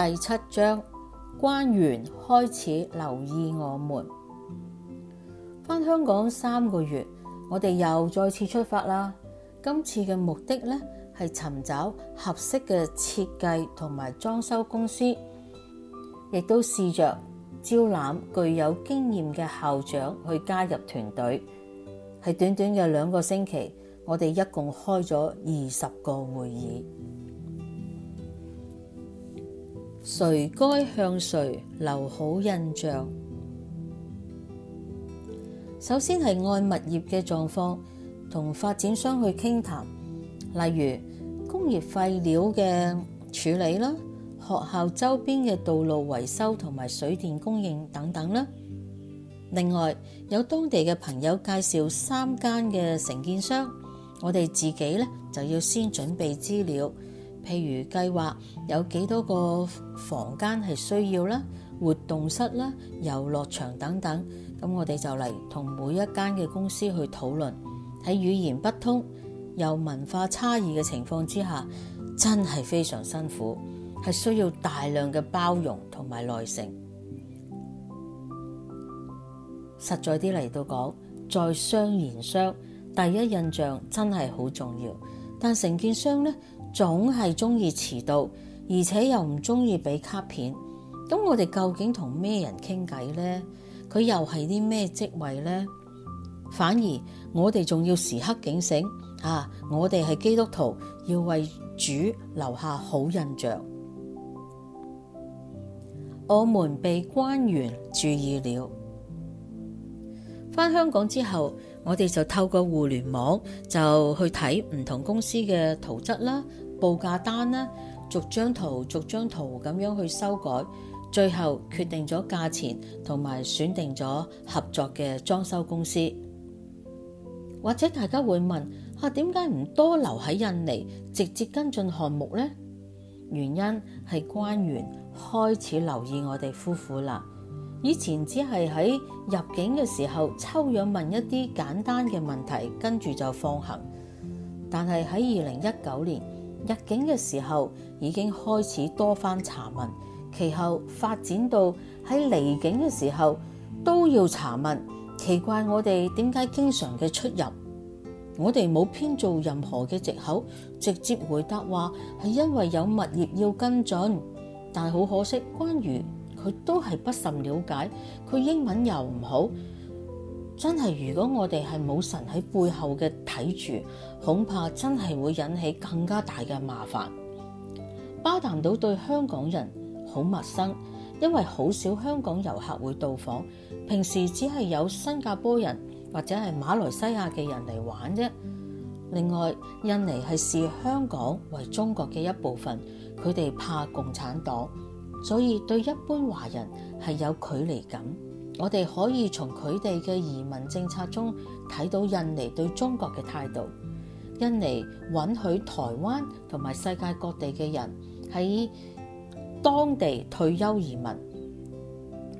第七章，關員開始留意我們。返香港三個月，我哋又再次出發啦。今次嘅目的咧，係尋找合適嘅設計同埋裝修公司，亦都試着招攬具有經驗嘅校長去加入團隊。喺短短嘅兩個星期，我哋一共開咗二十個會議。誰該向誰留好印象？首先係按物業嘅狀況同發展商去傾談，例如工業廢料嘅處理啦，學校周邊嘅道路維修同埋水電供應等等啦。另外有當地嘅朋友介紹三間嘅承建商，我哋自己咧就要先準備資料。譬如計劃有幾多個房間係需要啦，活動室啦、遊樂場等等。咁我哋就嚟同每一間嘅公司去討論。喺語言不通有文化差異嘅情況之下，真係非常辛苦，係需要大量嘅包容同埋耐性。實在啲嚟到講，在商言商，第一印象真係好重要，但承建商呢。總係中意遲到，而且又唔中意俾卡片。咁我哋究竟同咩人傾偈呢？佢又係啲咩職位呢？反而我哋仲要時刻警醒啊！我哋係基督徒，要為主留下好印象。我們被關員注意了。返香港之後，我哋就透過互聯網就去睇唔同公司嘅圖則啦。報價單咧，逐張圖逐張圖咁樣去修改，最後決定咗價錢，同埋選定咗合作嘅裝修公司。或者大家會問啊，點解唔多留喺印尼直接跟進項目呢？原因係官員開始留意我哋夫婦啦。以前只係喺入境嘅時候抽樣問一啲簡單嘅問題，跟住就放行。但係喺二零一九年。入境嘅時候已經開始多番查問，其後發展到喺離境嘅時候都要查問。奇怪，我哋點解經常嘅出入，我哋冇編造任何嘅藉口，直接回答話係因為有物業要跟進。但好可惜，關於佢都係不甚了解，佢英文又唔好。真係，如果我哋係冇神喺背後嘅睇住，恐怕真係會引起更加大嘅麻煩。巴淡島對香港人好陌生，因為好少香港遊客會到訪，平時只係有新加坡人或者係馬來西亞嘅人嚟玩啫。另外，印尼係視香港為中國嘅一部分，佢哋怕共產黨，所以對一般華人係有距離感。我哋可以從佢哋嘅移民政策中睇到印尼對中國嘅態度。印尼允許台灣同埋世界各地嘅人喺當地退休移民，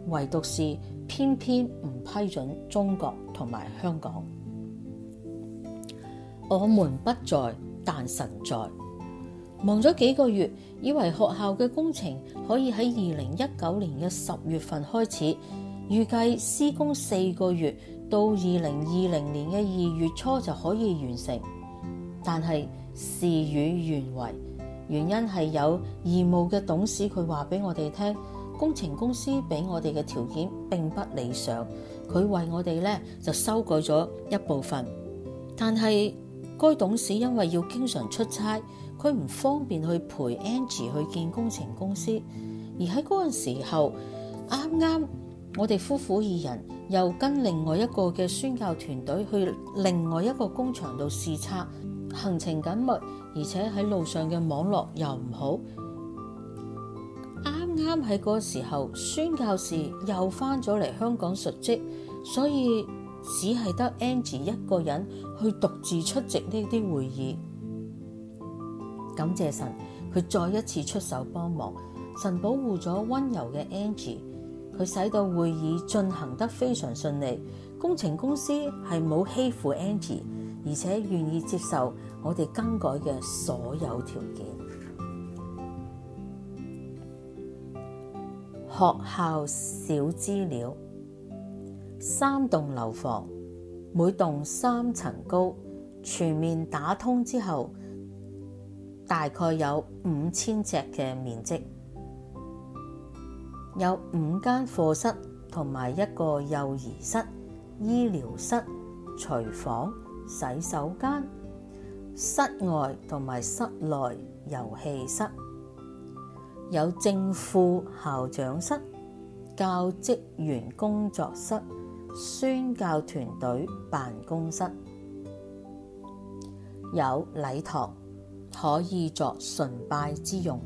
唯獨是偏偏唔批准中國同埋香港。我們不在，但神在。忙咗幾個月，以為學校嘅工程可以喺二零一九年嘅十月份開始。預計施工四個月，到二零二零年嘅二月初就可以完成。但係事與願違，原因係有義務嘅董事佢話俾我哋聽，工程公司俾我哋嘅條件並不理想。佢為我哋呢，就修改咗一部分。但係該董事因為要經常出差，佢唔方便去陪 Angie 去見工程公司。而喺嗰陣時候啱啱，剛剛我哋夫婦二人又跟另外一個嘅宣教團隊去另外一個工場度視察，行程緊密，而且喺路上嘅網絡又唔好。啱啱喺嗰時候，宣教士又翻咗嚟香港述職，所以只係得 Angie 一個人去獨自出席呢啲會議。感謝神，佢再一次出手幫忙，神保護咗溫柔嘅 Angie。佢使到會議進行得非常順利，工程公司係冇欺負 Angie，而且願意接受我哋更改嘅所有條件。學校小資料，三棟樓房，每棟三層高，全面打通之後，大概有五千呎嘅面積。有五間課室同埋一個幼兒室、醫療室、廚房、洗手間、室外同埋室內遊戲室，有正副校長室、教職員工作室、宣教團隊辦公室，有禮堂可以作崇拜之用，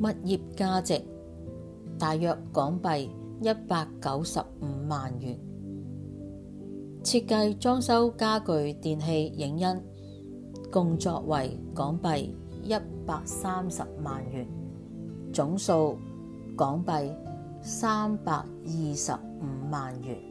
物業價值。大約港幣一百九十五萬元，設計、裝修、家具、電器、影音，共作為港幣一百三十萬元，總數港幣三百二十五萬元。